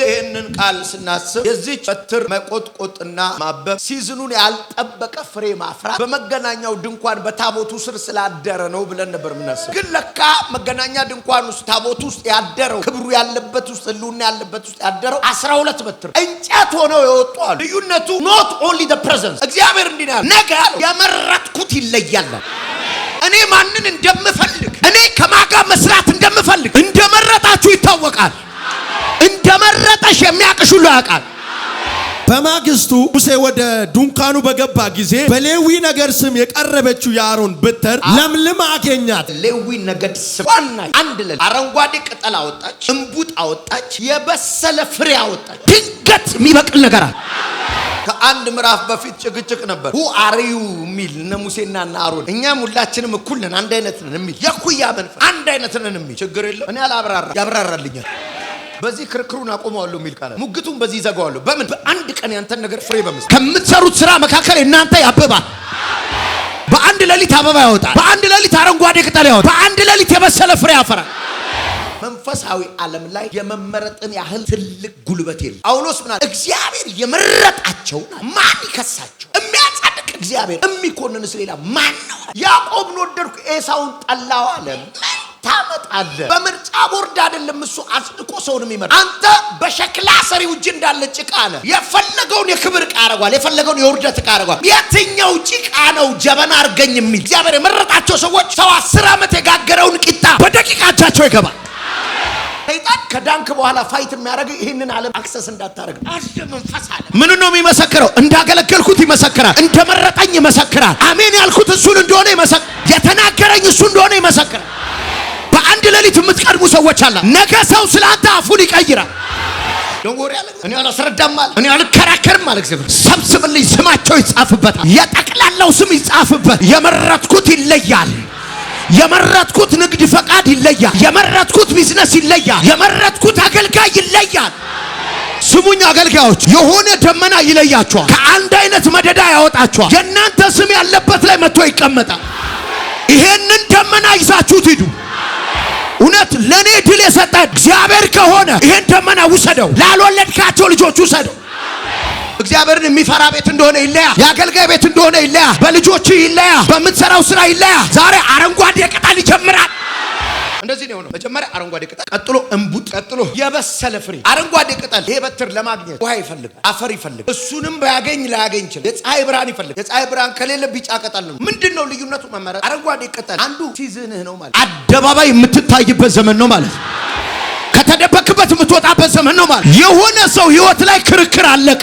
ጊዜ ይህንን ቃል ስናስብ የዚች በትር መቆጥቆጥና ማበብ ሲዝኑን ያልጠበቀ ፍሬ ማፍራት በመገናኛው ድንኳን በታቦቱ ስር ስላደረ ነው ብለን ነበር ምናስብ። ግን ለካ መገናኛ ድንኳን ውስጥ ታቦቱ ውስጥ ያደረው ክብሩ ያለበት ውስጥ ህልውና ያለበት ውስጥ ያደረው አስራ ሁለት በትር እንጨት ሆነው የወጡ አሉ። ልዩነቱ ኖት ኦንሊ ዘ ፕሬዘንስ እግዚአብሔር እንዲህ ያለ ነገ የመረጥኩት ይለያል። እኔ ማንን እንደምፈልግ እኔ ከማጋ መስራት እንደምፈልግ እንደመረጣችሁ ይታወቃል። ጨራሽ የሚያቅሽ ሁሉ ያውቃል። በማግስቱ ሙሴ ወደ ዱንካኑ በገባ ጊዜ በሌዊ ነገድ ስም የቀረበችው የአሮን በትር ለምልም አገኛት። ሌዊ ነገድ ስም ዋና አንድ ለ አረንጓዴ ቅጠል አወጣች፣ እንቡጥ አወጣች፣ የበሰለ ፍሬ አወጣች። ድንገት የሚበቅል ነገር አለ። ከአንድ ምዕራፍ በፊት ጭቅጭቅ ነበር። ሁ አሪዩ የሚል እነ ሙሴና እነ አሮን እኛም ሁላችንም እኩል ነን አንድ አይነት ነን የሚል የኩያ መንፈስ አንድ አይነት ነን የሚል ችግር የለም እኔ አላብራራ ያብራራልኛል በዚህ ክርክሩን አቆመዋለሁ የሚል ቃል ሙግቱን በዚህ ይዘጋዋለሁ። በምን በአንድ ቀን ያንተን ነገር ፍሬ በምስ ከምትሰሩት ስራ መካከል እናንተ ያብባል። በአንድ ሌሊት አበባ ያወጣል። በአንድ ሌሊት አረንጓዴ ቅጠል ያወጣል። በአንድ ሌሊት የበሰለ ፍሬ ያፈራል። መንፈሳዊ ዓለም ላይ የመመረጥን ያህል ትልቅ ጉልበት የለም። ጳውሎስ ምናል እግዚአብሔር የመረጣቸው ማን ይከሳቸው? የሚያጻድቅ እግዚአብሔር፣ የሚኮንንስ ሌላ ማን ነው? ያዕቆብን ወደድኩ ኤሳውን ጠላው አለ። ታመጣለህ። በምርጫ ቦርድ አይደለም እሱ አጽድቆ ሰውን የሚመርጥ። አንተ በሸክላ ሰሪው እጅ እንዳለ ጭቃ ነህ። የፈለገውን የክብር ዕቃ አረጓል፣ የፈለገውን የውርደት ዕቃ አረጓል። የትኛው ጭቃ ነው ጀበና አርገኝ የሚል? እግዚአብሔር የመረጣቸው ሰዎች ሰው አስር ዓመት የጋገረውን ቂጣ በደቂቃ እጃቸው ይገባል። ሰይጣን ከዳንክ በኋላ ፋይት የሚያደርግ ይህንን ዓለም አክሰስ እንዳታደርግ መንፈስ አለ። ምን ነው የሚመሰክረው? እንዳገለገልኩት ይመሰክራል፣ እንደመረጠኝ ይመሰክራል። አሜን ያልኩት እሱን እንደሆነ ይመሰክራል፣ የተናገረኝ እሱ እንደሆነ ይመሰክራል። ሌሊት የምትቀድሙ ሰዎች አላ ነገ ሰው ስለ አንተ አፉን ይቀይራል። አለ እኔ አላስረዳም አለ እኔ አልከራከርም አለ እግዚአብሔር። ሰብስብልኝ፣ ስማቸው ይጻፍበታል። የጠቅላላው ስም ይጻፍበት። የመረጥኩት ይለያል። የመረጥኩት ንግድ ፈቃድ ይለያል። የመረጥኩት ቢዝነስ ይለያል። የመረጥኩት አገልጋይ ይለያል። ስሙኝ አገልጋዮች፣ የሆነ ደመና ይለያቸዋል። ከአንድ አይነት መደዳ ያወጣቸዋል። የእናንተ ስም ያለበት ላይ መጥቶ ይቀመጣል። ይሄንን ደመና ይዛችሁት ሂዱ። እውነት ለእኔ ድል የሰጠ እግዚአብሔር ከሆነ ይህን ደመና ውሰደው፣ ላልወለድካቸው ልጆች ውሰደው። እግዚአብሔርን የሚፈራ ቤት እንደሆነ ይለያ። የአገልጋይ ቤት እንደሆነ ይለያ። በልጆቹ ይለያ። በምትሰራው ስራ ይለያ። ዛሬ አረንጓዴ ቅጠል ይጀምራል። ነው። መጀመሪያ አረንጓዴ ቅጠል፣ ቀጥሎ እንቡጥ፣ ቀጥሎ የበሰለ ፍሬ። አረንጓዴ ቅጠል ይሄ በትር ለማግኘት ውሃ ይፈልጋል፣ አፈር ይፈልጋል። እሱንም ባያገኝ ላያገኝ ይችላል። የፀሐይ ብርሃን ይፈልጋል። የፀሐይ ብርሃን ከሌለ ቢጫ ቅጠል ነው። ምንድን ነው ልዩነቱ? መመረጥ አረንጓዴ ቅጠል አንዱ ሲዝንህ ነው ማለት አደባባይ የምትታይበት ዘመን ነው ማለት ከተደበክበት የምትወጣበት ዘመን ነው ማለት የሆነ ሰው ህይወት ላይ ክርክር አለቅ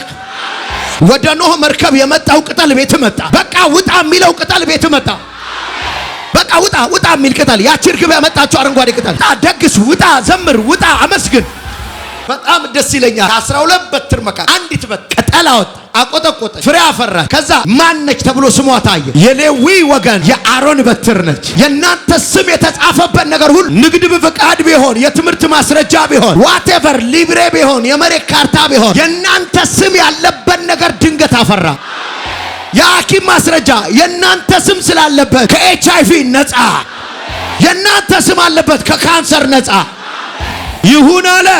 ወደ ኖህ መርከብ የመጣው ቅጠል ቤት መጣ። በቃ ውጣ የሚለው ቅጠል ቤት መጣ። በቃ ውጣ ውጣ የሚል ቅጠል ያቺ እርግብ ያመጣችው አረንጓዴ ቅጠል ደግስ፣ ውጣ፣ ዘምር፣ ውጣ፣ አመስግን። በጣም ደስ ይለኛል። አስራ ሁለት በትር መካከል አንዲት በትር ቅጠል አወጣ፣ አቆጠቆጠ፣ ፍሬ አፈራች። ከዛ ማን ነች ተብሎ ስሟ ታየ። የሌዊ ወገን የአሮን በትር ነች። የእናንተ ስም የተጻፈበት ነገር ሁሉ ንግድ ፍቃድ ቢሆን፣ የትምህርት ማስረጃ ቢሆን፣ ዋቴቨር ሊብሬ ቢሆን፣ የመሬት ካርታ ቢሆን፣ የእናንተ ስም ያለበት ነገር ድንገት አፈራ። የሐኪም ማስረጃ የእናንተ ስም ስላለበት ከኤች አይቪ ነፃ፣ የእናንተ ስም አለበት ከካንሰር ነፃ ይሁን አለ።